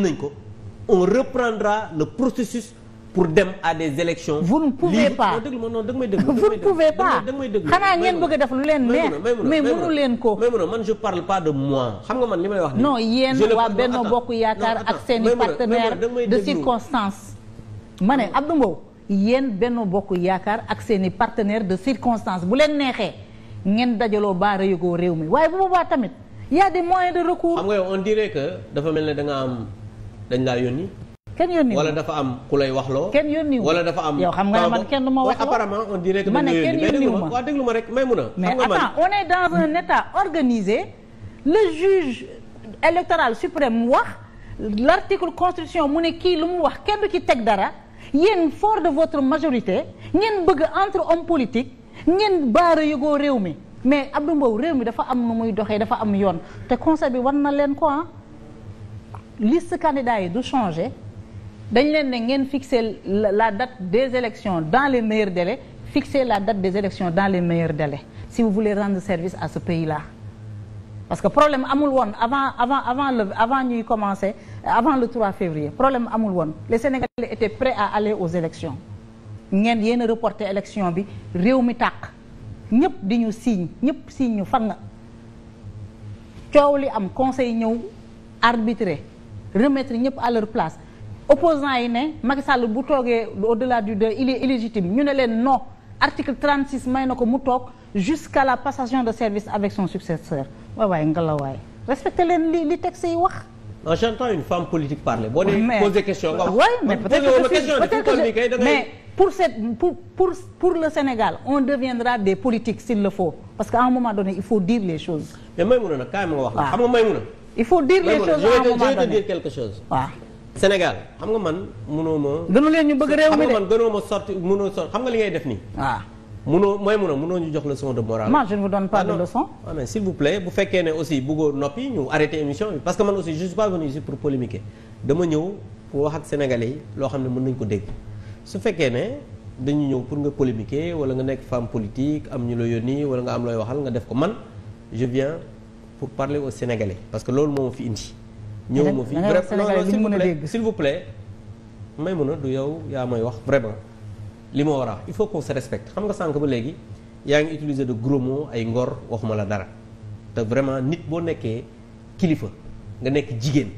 nañ ko on reprendra le pour dem à des élections vous ne pouvez pas déglu ma non danga may déglu a def lu leen ko may mun man je parle pas de moi li may wax non yéen waa Benno Bokk Yaakaar ak seen i partenaire de circonstance ma ne Abdou Mbow yéen Benno Bokk Yaakaar ak seen i partenaire de circonstance bu leen neexee ngeen dajaloo baara yëgoo réew mi waaye bu boobaa tamit y a des moyens de recours dafa mel ne da am dañ laa yónni. kenn yónni wala dafa am ku lay waxloo. kenn yónni wala dafa am. yow xam nga man kenn du wax waxloo apparemment on dirait que. ma ne kenn yónniw ma waaw déglu ma rek may mun a. mais attends on est dans un état organisé le juge électoral suprême wax l' article constitution mu ne kii lu mu wax kenn du ci teg dara yéen for de votre majorité ngeen bëgg entre hommes politiques ngeen baara yëgoo réew mi mais Abdou Mbow réew mi dafa am nu muy doxee dafa am yoon te conseil bi war na leen ko ah. liste candidats yi du changé dañ leen ne ngeen fixer la date des élections dans les meilleurs délais fixer la dat des élections dans les meilleurs délais si vous voulez service à ce pays parce que problème amul woon avant avant avant le avant ñuy commencer avant le 3 février problème amul woon les Sénégalais étaient prêts à aller aux élections ngeen yéen a reporté bi réew mi tàq ñëpp di ñu signe ñëpp signe ñu fan nga coow li am conseil ñëw arbitré remettre ñëpp à leur place opposant yi ne Macky Sall bu toogee au-delà du deux il illégitime ñu ne leen non article 36 may na ko mu toog jusqu'à la passation de service avec son successeur waay waay ngelaw waay respecté leen li li texte yi wax non j'entends une femme politique parler boo dee poser question nga wax mais pour pour pour pour le Sénégal on deviendra des politiques s'il la faut parce qu'à un moment donné il faut dire les choses ma il faut dire les choses à Sénégal xam nga man mënoo ma. gënu leen ñu bëgg réew mi de xam nga man gënoo ma sorti mënoo sorti xam nga li ngay def nii. waaw mënoo mooy mënoo mënoo ñu jox leçon de morale. moi je ne vous donne ah ah, bu fekkee ne aussi bëggoo noppi ñu arrêté émission bi parce que man aussi je suis pas venu ici pour polémiquer dama ñëw pour wax ak sénégalais yi loo xam ne mën nañ ko dégg su fekkee ne. dañu ñëw pour nga polémiquer wala nga nekk femme politique am ñu la yónni wala nga am looy waxal nga def ko man je viens pour parler aux parce que loolu moo ma fi indi. ñëw ma fi bref non non s'il vous plaît may mun a du yow yaa may wax vraiment li ma war a il faut qu'on se respecte xam nga sànq ba léegi yaa ngi utiliser de gros ay ngor waxuma la dara te vraiment nit boo nekkee kilifa nga nekk jigéen.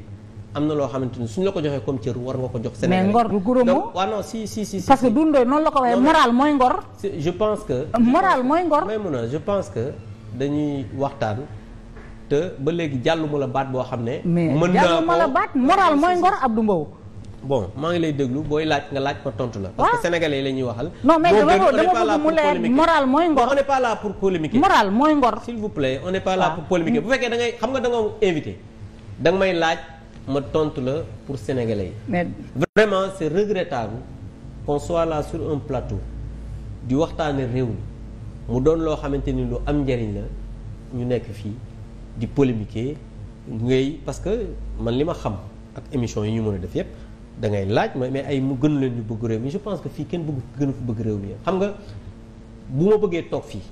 am na loo xamante ni suñ la ko joxee comme cër war nga ko jox. Sénégalais mais ngor du gros mot waaw non si si si. parce que dundoo noonu la ko waxee moral mooy ngor. je pense que. moral mooy ngor. may mun a je pense que dañuy waxtaan. te ba léegi jàllu ma la baat boo xam ne. mën naa jàllu ma la baat moral mooy ngor Abdou Mbow. bon maa ngi lay déglu booy laaj nga laaj ma tontu la. parce que yi la ñuy waxal. non mais dama bëgg mu leer moral mooy ngor. on n'est pas là pour polémiquer. moral mooy ngor. s'il vous plaît on n'est pas là pour polémiquer bu fekkee da ngay xam nga da nga invité may laaj ma tontu la pour sénégalais yi. vraiment c'est regrettable qu'on soit là sur un plateau di waxtaane réew mi mu doon loo xamante ni lu am njëriñ la ñu nekk fii. di polémiquer ngay parce que man li ma xam ak émission yi ñu mën a def yépp da ngay laaj ma mais ay mu gënu leen ñu bëgg réew mi je pense que fii kenn bëgg gënu fi bëgg réew mi xam nga bu ma bëggee toog fii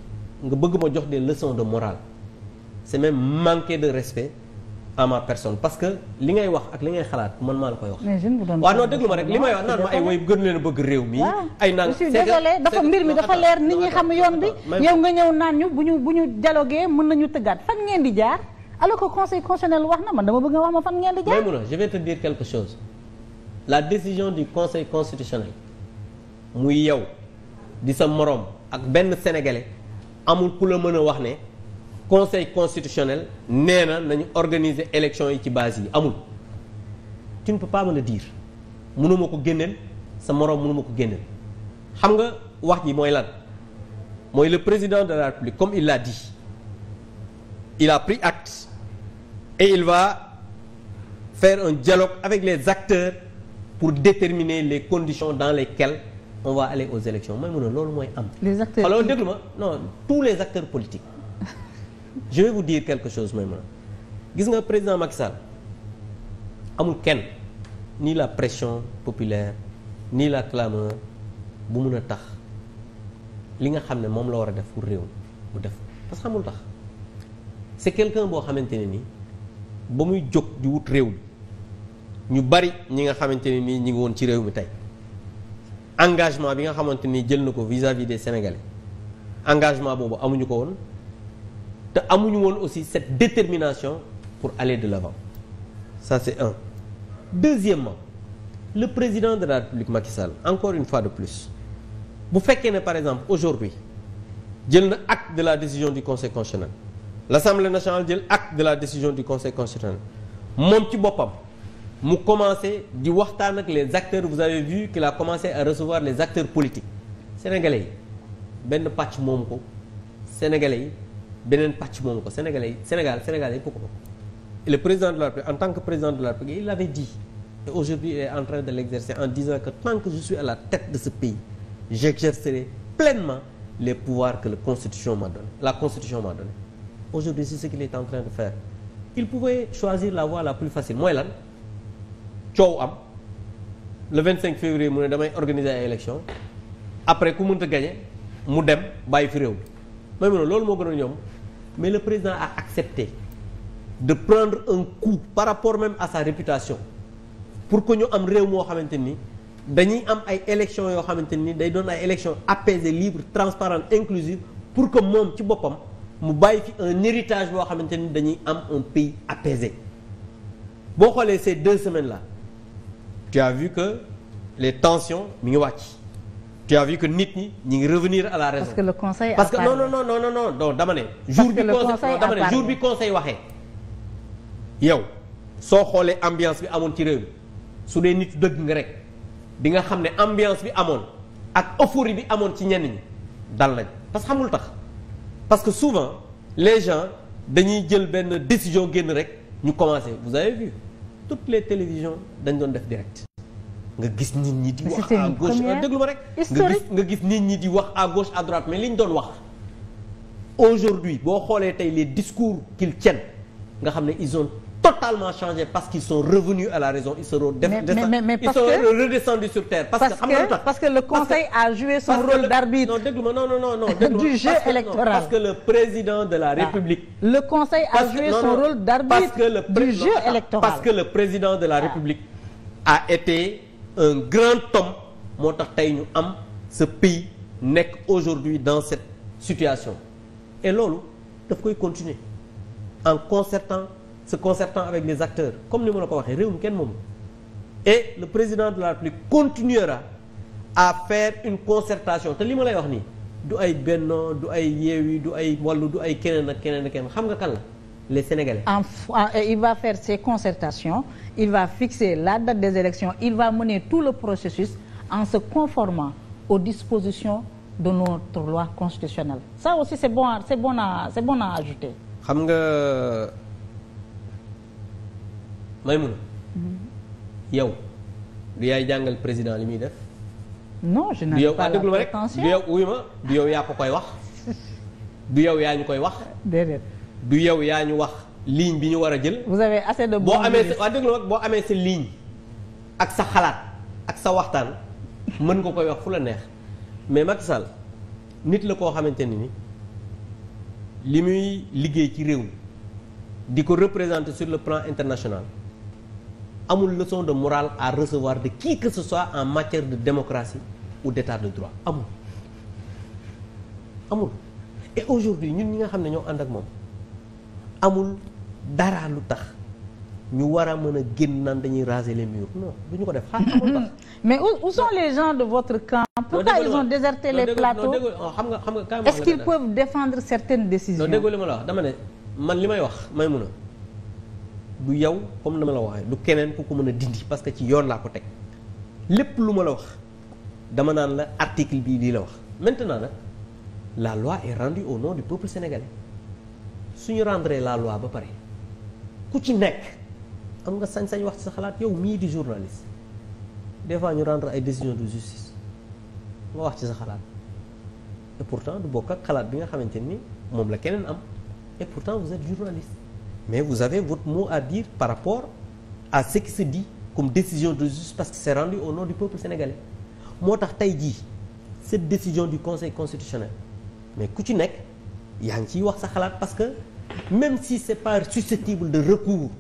nga bëgg ma jox des leçons de morale c'est même manquer de respect à ma personne parce que li ngay wax ak li ngay xalaat man maa la koy wax. waaw non déglu ma rek li may wax naan ma ay woy gën leen a bëgg réew mi. Ah, ay naan c'est dafa mbir mi dafa leer nit ñi xam yoon bi. yow nga ñëw naan ñu bu ñu bu ñu dialogué mën nañu tëggaat fan ngeen di jaar alors que conseil constitutionnel wax na man dama bëgg nga wax ma fan ngeen di jaar. Maïmouna je vais te dire quelque chose la décision du conseil constitutionnel muy yow di sa moroom ak benn sénégalais amul ku a wax ne. conseil constitutionnel nee na nañu organiser élection yi ci base yi amul tu ne peux pas me le dire mënuma ko génneel sa moroom mënuma ko génneel xam nga wax ji mooy lan mooy le président de la république comme il l'a dit il a pris acte et il va faire un dialogue avec les acteurs pour déterminer les conditions dans les on va aller aux élections mooy mun a loolu mooy am alors déglu ma non tous les acteurs politiques je vais vous dire quelque chose Maïmouna gis nga président Macky Sall amul kenn nii la pression populaire nii la clameur bu mun a tax li nga xam ne moom la war a def pour réew mu def parce que xamul tax c'est quelqu'un boo xamante ne ni ba muy jóg di wut réew mi ñu bari ñi nga xamante ne ni ñi ngi woon ci réew mi tey engagement bi nga xamante ni jël na ko vis-à-vis des Sénégalais engagement boobu amuñu ko woon te amuñu woon aussi cette détermination pour aller de la l'avant ça c'est un deuxièmement le président de la République Macky Sall encore une fois de plus bu fekkee ne par exemple aujourd'hui jël na acte de la décision du conseil constitutionnel l'assemblée nationale jël acte de la décision du conseil constitutionnel moom ci boppam mu commencé di waxtaan ak les acteurs vous avez vu qu'il a commencé à recevoir les acteurs politiques sénégalais yi benn pàcc moomu ko sénégalais beneen pàcc moomu ko sénégalais Sénégal Sénégal yëpp ko le président de la République en tant que président de la République il l'avait dit et aujourd'hui il est en train de l'exercer en disant que tant à la tête de ce pays j'exercerai pleinement les pouvoirs que la constitution m'a la constitution m'a donné aujourd'hui c'est ce qu'il est en train de faire il pouvait choisir la voie la plus facile mooy lan coow am le 25 février mu ne damay organiser ay élection après ku mënta gagner mu dem bàyyi fi réew loolu moo gën a ñoom mais le président a accepté de prendre un coup par rapport même à sa réputation pour que ñu am réew moo xamante ni dañuy am ay élections yoo xamante ni day doon ay élections apaisées libre transparentes inclusives pour que moom ci boppam mu bàyyi fi un héritage boo xamante ni dañuy am un pays apaisé boo xoolee ces deux semaines la tu as vu que les tensions mi ngi wàcc. tu as vu nit ñi ñu ngi revenir à la raison. parce que le conseil parce que non non non non non non dama ne. jour bi conseil dama ne bi conseil waxee. yow soo xoolee ambiance bi amoon ci réew mi su dee nit dëgg nga rek bi nga xam ne ambiance bi amoon ak euphorie bi amoon ci ñenn ñi dal lañ parce que xamul tax parce que souvent les gens dañuy jël benn décision génn rek ñu commencé vous avez vu toutes les télévisions dañ doon def direct. Euh, nga gis nit ñi di wax à gauche ma rek nga gis nga gis nit di wax à gauche à droite mais li ñu doon wax aujourd'hui boo xoolee tey les discours qu'ils tiennent nga xam ne ils ont totalement changé parce qu'ils sont revenus à la raison ils seront redescendus sur terre parce, que, le conseil a joué son rôle d'arbitre non déglu ma non non non non du jeu parce électoral que, non, parce que le président de la ah. République ah. le a joué non, ah. a été un grand homme moo tax tey ñu am ce pays nekk aujourd'hui dans cette situation et loolu daf koy continuer en concertant se concertant avec les acteurs comme ni ma la ko waxee réew mi kenn moomu et le président de la République continuera à faire une concertation te li ma lay wax nii du ay Benno du ay Yewwi du ay Wallu du ay keneen ak keneen ak keneen xam nga kan la les sénégal En, en, euh, il va faire ses concertations, il va fixer la date des élections, il va mener tout le processus en se conformant aux dispositions de notre loi constitutionnelle. Ça aussi, c'est bon, c'est bon, à, c'est bon à ajouter. xam nga Maïmouna. Mhm. yow du yaay jàngal président li muy def. non je n'ai pas la prétention rek du yow ah, wuy ma du yow yaa ko koy wax. du yow yaa ñu koy wax. du yow yaa ñu wax ligne bi ñu war a jël. vous avez assez de boo amee sa boo amee sa ligne ak sa xalaat ak sa waxtaan mën nga koy wax fu la neex mais Macky Sall nit la koo xamante ne ni li muy liggéey ci réew mi di ko représenter sur le plan international amul leçon de morale à recevoir de kii que ce soit en matière de démocratie ou d'état de droit amul amul et aujourd'hui ñun ñi nga xam ne ñoo ànd ak moom. amul dara lu tax ñu war a mën a génn naan dañuy raser les murs non du ñu ko def xaar amul mm-hmm. tax mais où, où sont les gens de votre camp pourquoi ils ont déserté les plateaux xam nga xam nga est-ce qu'ils peuvent défendre certaines décisions non déggoo li ma la wax dama ne man li may wax may mun a du yow comme na ma la waxee du keneen ku ko mën a dindi parce que ci yoon laa ko teg lépp lu ma la wax dama naan la article bii lii la wax maintenant nag la loi est rendue au nom du peuple sénégalais suñu rendre la loi ba pare ku ci nekk am nga sañ-sañ wax ci sa xalaat yow mii di journaliste des fois ñu rendre ay décision de justice nga wax ci sa xalaat et pourtant du bokk ak xalaat bi nga xamante ni moom la keneen am et pourtant vous êtes journaliste mais vous avez votre mot à dire par rapport à ce qui di comme décision de justice parce que c'est rendu au nom du peuple sénégalais moo tax tey jii cette décision du conseil constitutionnel mais ku ci nekk yaa ngi ciy wax sa xalaat parce que même si c'est pas susceptible de recours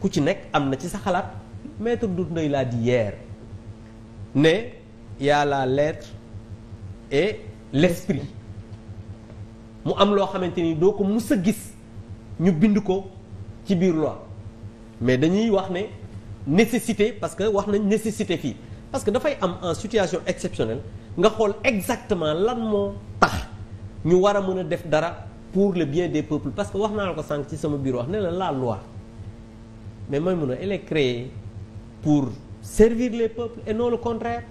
ku ci nekk am na ci sa xalaat maître du Ndoye laa di hier ne y la lettre et l'esprit mu am loo xamante ni doo ko mus a gis ñu bind ko ci biir loi mais dañuy wax ne nécessité parce que wax nañ nécessité fii parce que dafay am en situation exceptionnelle nga xool exactement lan moo tax ñu war a mën a def dara pour le bien des peuples parce que wax naa la ko sànq ci sama biir wax ne la la loi mais mooy mun a elle pour servir les peuples et non le contraire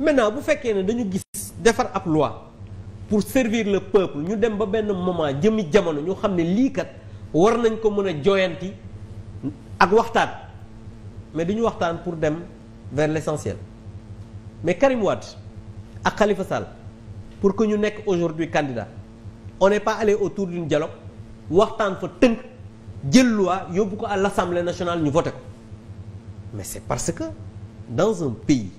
maintenant bu fekkee ne dañu gis defar ab loi pour servir le peuple ñu dem ba benn moment jëmmi jamono ñu xam ne lii kat war nañ ko mën a joyanti ak waxtaan mais du waxtaan pour dem vers l'essentiel mais Karim Wade ak Khalifa Sall pour que ñu nekk aujourd'hui candidat on n'est pas allé autour d'une dialogue waxtaan fa tënk jël loi yóbbu ko à l'Assemblée nationale ñu vote ko mais c'est parce que dans un pays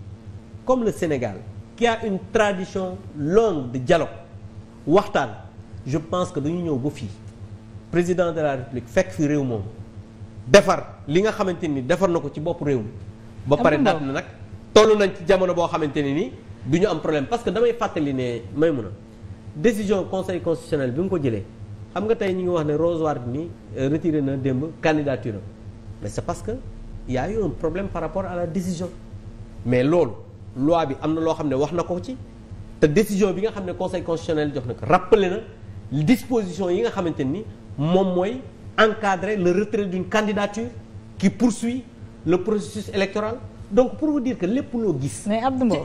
comme le Sénégal qui a une tradition longue de dialogue waxtaan je pense que dañu ñëw ba fii président de la République fekk fi réew moom defar li nga xamante ni defar na ko ci bopp réew mi ba pare daal na nag toll nañ ci jamono boo xamante ne nii du ñu am problème parce que damay fàttali ne may mun a décision conseil constitutionnel bi mu ko jëlee xam nga tey ñi ngi wax ne bi ni euh, retiré na démb candidature mais c'est parce que y a un problème par rapport à la décision mais loolu loi bi am na loo xam ne wax na ko ci te décision bi nga xam ne conseil constitutionnel jox na ko rappelé na disposition yi nga xamante ni moom mooy encadrer le retrait d'une candidature qui poursuit le processus électoral donc pour vous dire lépp loo gis. mais Abdou Mbow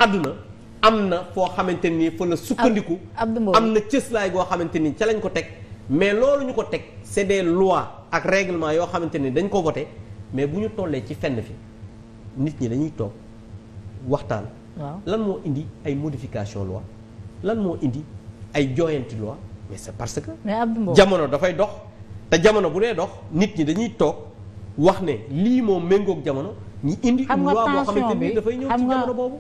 am na foo xamante nii fa la sukkandiku am na cës cëslaay goo xamante nii ca lañ ko teg mais loolu ñu ko teg c'est des lois ak réglement yoo xamante ni dañ ko voté mais bu ñu tollee ci fenn fi nit ñi dañuy toog waxtaan lan moo indi ay modification loi lan moo indi ay jooyanti loi mais parce que jamono dafay dox te jamono bu dee dox nit ñi dañuy toog wax ne lii moo méngoog jamono ñi indi loi boo xamante ni dafay ñëw ci jamono boobu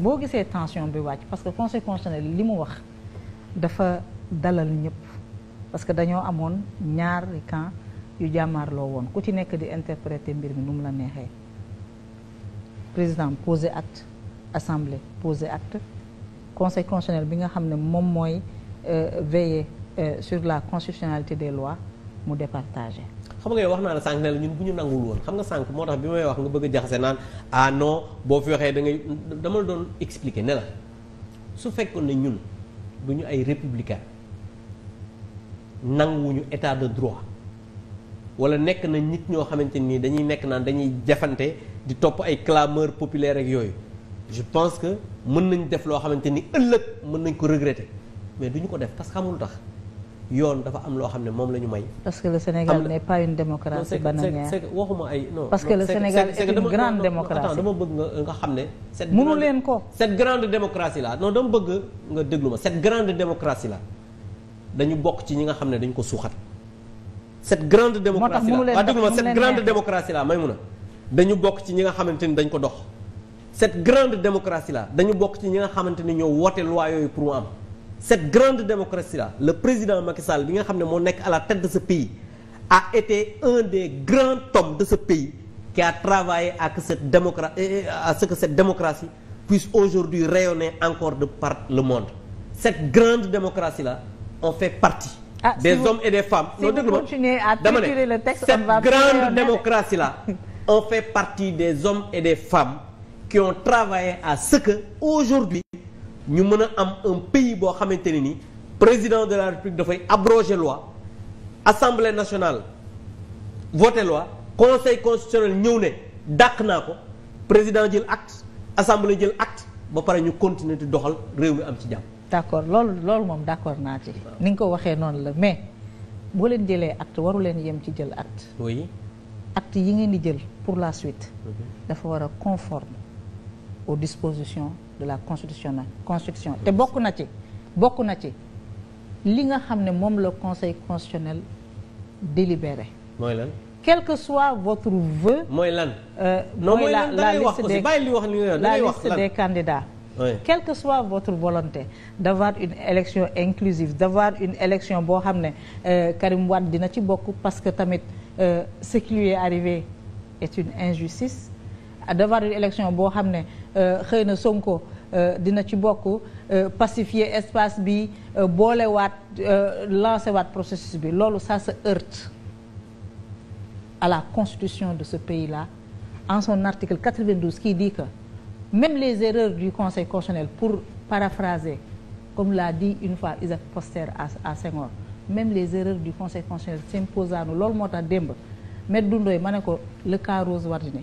boo gisee tension bi wàcc parce que conseil constitutionnel li mu wax dafa dalal ñëpp parce que dañoo amoon ñaari camp yu jàmmaarloo woon ku ci nekk di interpréter mbir mi nu mu la neexee président posé acte assemblée posé acte conseil constitutionnel bi nga xam ne moom mooy euh, veiller euh, sur la constitutionnalité des lois mu départagé xam nga yow wax naa la sànq ne ñun bu ñu nangul woon xam nga sànq moo tax bi may wax nga bëgg a jaxase naan ah non boo fi waxee da ngay dama la doon expliquer ne su fekkoon ne ñun du ñu ay républicain nanguwuñu état de droit wala nekk na nit ñoo xamante nii dañuy nekk naan dañuy jafante di topp ay clameur populaire ak yooyu je pense que mën nañ def loo xamante ni ëllëg mën nañ ko regretter mais du ñu ko def parce que xamul tax yoon dafa am loo xam ne moom la ñu may. parce que le Sénégal n'est pas une démocratie bananière. c'est que waxuma ay non. parce Sénégal est une grande démocratie. attends nga nga xam ne. cette mënu leen ko. cette grande démocratie là non dama bëgg nga déglu ma cette grande démocratie la dañu bokk ci ñi nga xam ne dañu ko suuxat. cette grande démocratie là moo tax déglu ma cette grande démocratie may mun a dañu bokk ci ñi nga xamante ni dañ ko dox. cette grande démocratie là dañu bokk ci ñi nga xamante ni ñoo woote loi yooyu pour mu am. cette grande démocratie là le président Macky bi nga xam ne moo nekk à la tête de ce pays a été un des grands hommes de ce pays qui a travaillé à que cette démocratie euh, euh, à ce que cette démocratie puisse aujourd'hui rayonner encore de par le monde cette grande démocratie là on fait partie ah, des si hommes vous, et des femmes si non déglu ma dama ne cette grande démocratie là on fait partie des hommes et des femmes qui ont travaillé à ce que aujourd'hui ñu mën a am un pays boo xamante ne ni président de la république dafay abroger loi assemblée nationale voté loi conseil constitutionnel ñëw ne dàq naa ko président jël acte assemblée jël acte ba pare ñu continuer di doxal réew mi am ci jàmm. d'accord loolu loolu moom d'accord naa ci. ni nga ko waxee noonu la mais boo leen jëlee acte waru leen yem ci jël acte. oui acte yi ngeen di jël pour la suite. dafa war a conforme aux dispositions. de la constitution constitution te bokk na ci bokk na ci li nga xam ne moom la conseil constitutionnel délibéré. mooy lan. quel que soit votre vœu. mooy lan. Euh, la la liste des la liste des candidats. Oui. quelle que soit votre volonté d'avoir une élection inclusive d'avoir une élection boo xam ne euh, Karim Wade dina ci bokk parce que tamit euh, ce qui lui est arrivé est une injustice d'avoir une élection boo xam ne Euh, xëy na Sonko euh, dina ci bokk euh, pacifier espace bi boolewaat lancé waat processus bi loolu ça se heurte à la constitution de ce pays-là en son article 92 qui dit que même les erreurs du conseil constitutionnel pour paraphraser comme l'a dit une fois Isaac à, à Senghor même les erreurs du conseil constitutionnel s'imposent loolu moo tax démb Maître Doundoye ma ne ko le cas Rose Wardini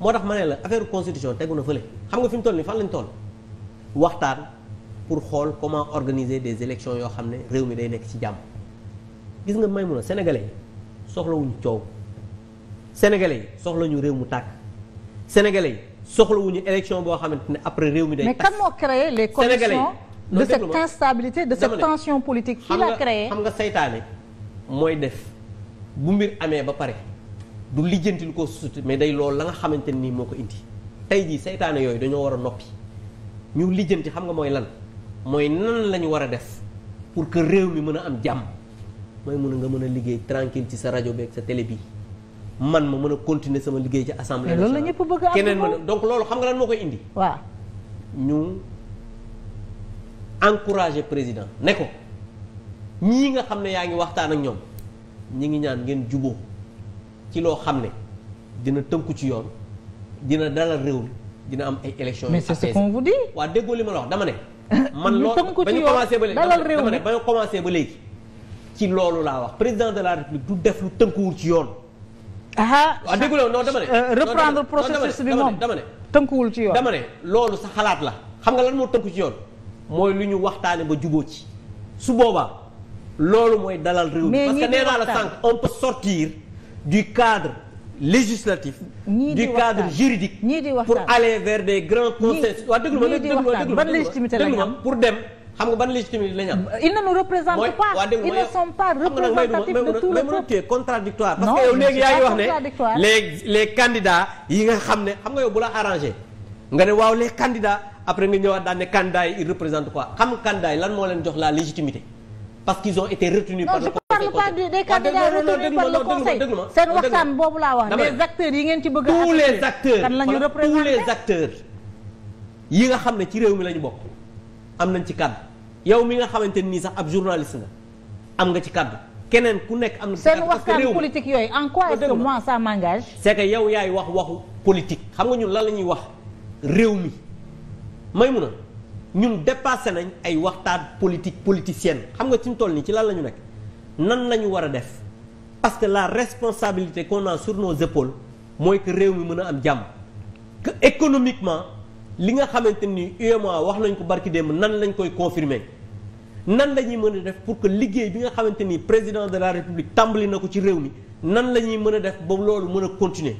moo tax ma ne la affaire constitution tegu na fële xam nga fi mu toll nii fan lañ toll waxtaan pour xool comment organiser des élections yoo xam ne réew mi day nekk ci jàmm gis nga may mun a sénégalais yi soxlawuñu coow sénégalais yi soxlawuñu réew mu tàkk sénégalais yi soxlawuñu élection boo xamante ne après réew mi day. mais kan moo créé les conditions de cette instabilité de cette tension politique. qui l'a créé xam nga xam nga saytaane mooy def bu mbir amee ba pare. du lijjanti lu ko susut mais day loolu la nga xamante nii moo ko indi tey jii seytaane yooyu dañoo war a noppi ñu lijjanti xam nga mooy lan mooy nan la ñu war a def pour que réew mi mën a am jàmm mooy mën nga mën a liggéey tranquille ci sa rajo beeg sa télé bi man ma mën a continuer sama liggéey ci assemblée nationale loolu la ñëpp bëgg a am keneen mën a donc loolu xam nga lan moo koy indi waaw ñu encourager président ne ko ñii nga xam ne yaa ngi waxtaan ak ñoom ñi ngi ñaan ngeen juboo ci loo xam ne dina tënku ci yoon dina dalal réew mi dina am ay élections. mais c'est ce qu'on vous dit. waaw déggoo li ma la wax dama ne. man loolu ba ñu commencé ba léegi dama ne ba ñu commencé ba léegi. ci loolu laa wax président de la république du def lu tënkuwul ci yoon. ah waaw déggu euh, non dama ne. reprendre processus bi moom dama ne tënkuwul ci yoon. dama ne loolu sa xalaat la xam nga la moo tënku ci yoon. mooy lu ñu waxtaane ba juboo ci. su boobaa loolu mooy dalal réew mi. parce que nee la sànq on peut du cadre législatif du cadre juridique pour aller vers des grands consensus waaw déglu ma déglu ma déglu ma pour dem xam nga ban légitimité lañ am. ils ne nous représentent pas ils ne sont pas représentatifs de tout le peuple tu es contradictoire parce que yow léegi yaa ngi wax ne les les candidats yi nga xam ne xam nga yow bu la arrangé nga ne waaw les candidats après nga ñëwaat daan ne candidats yi ils représentent quoi xam candidats yi lan moo leen jox la légitimité parce qu'ils ont été retenus par parle pas des candidats retenus par le conseil seen waxtaan boobu laa wax les acteurs yi ngeen ci bëgg tous les acteurs kan la ñu représenté tous les acteurs yi nga xam ne ci réew mi lañu bokk am nañ ci kàddu yow mi nga xamante nii sax ab journaliste nga am nga ci kàddu keneen ku nekk am na seen waxtaan politique yooyu en quoi est-ce que moi ça m'engage c'est que yow yaay wax waxu politique xam nga ñun lan la ñuy wax réew mi may mun a ñun dépassé nañ ay waxtaan politique politicienne xam nga ci mu toll nii ci lan la ñu nekk nan la ñu war a def parce que la responsabilité qu'on a sur nos épaules mooy que réew mi mën a am jàmm que économiquement li nga xamante ni UEMOA wax nañ ko barki démb nan lañ koy confirmer nan la ñuy mën a def pour que liggéey bi nga xamante ni président de la république tàmbali na ko ci réew mi nan la ñuy mën a def ba loolu mën a continuer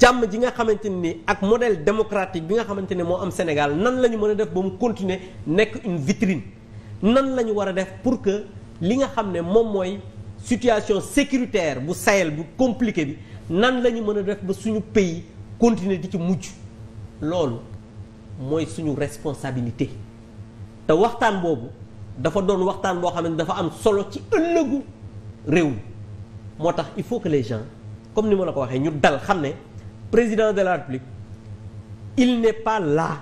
jàmm ji nga xamante ni ak modèle démocratique bi nga xamante ne moo am Sénégal nan la ñu mën a def ba mu continuer nekk une vitrine nan la ñu war a def pour que li nga xam ne moom mooy situation sécuritaire bu sayal bu compliqué bi nan la ñu mën a def ba suñu pays continuer di ci mujj loolu mooy suñu responsabilité te waxtaan boobu dafa doon waxtaan boo xam ne dafa am solo ci ëllëgu réew mi moo tax il faut que les gens comme ni ma la ko waxee ñu dal xam ne président de la république il n'est pas là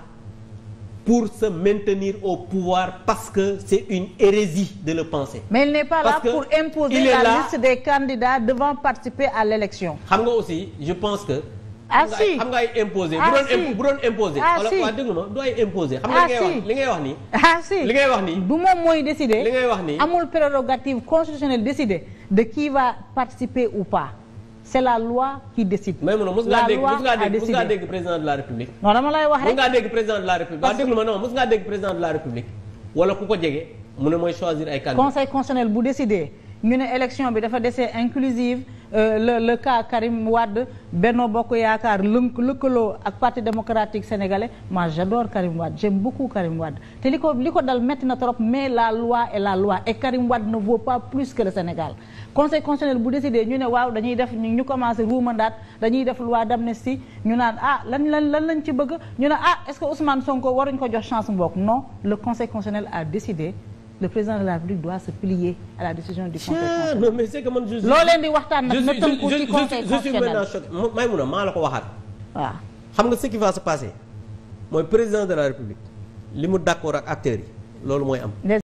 pour se maintenir au pouvoir parce que c'est une hérésie de le penser. mais il n'est pas parce là pour imposer la là... liste des candidats devant participer à l'élection. xam nga aussi je pense que. ah si xam nga ay imposer bu ah, doon bu doon imposer. ah si wala dégg ma ah, li ngay wax li ngay ah si li ngay wax nii. du moom mooy décider. li ngay wax nii amul prérogative constitutionnelle décider de qui va participer ou pas. c'est la loi qui décide. la loi a décidé mais ngaa dégg mos ngaa dégg président de la république. non dama wax rek mos ngaa dégg président de la république. parce que déglu ma non dégg président de la république. wala ku ko jege ne mooy choisir ay candidats. conseil constitutionnel bu décidé. ñu ne élection bi dafa desee inclusive euh, le le cas Karim Wade Benno Bokk Yaakaar lënk lëkkaloo ak parti démocratique sénégalais moi j'adore Karim Wade j'aime beaucoup Karim Wade te li ko li ko dal metti na trop mais la loi est la loi et Karim Wade ne vaut pas plus que le Sénégal conseil constitutionnel bu décidé ñu ne waaw dañuy def ñu commencé ruumandaat dañuy def loi d'amnistie ñu naan ah lan lan lan lañ ci bëgg ñu ne ah est-ce que son Sonko waruñ ko jox chance mbokk non le conseil constitutionnel a décidé le président de la République doit se plier à la décision du conseil constitutionnel non mais man je suis. leen di waxtaan nag na tënku ci conseil constitutionnel je suis maintenant choqué maa la ko waxaat. waaw xam nga ce qui va se passer mooy président de la République li mu d'accord ak acteurs yi loolu mooy am.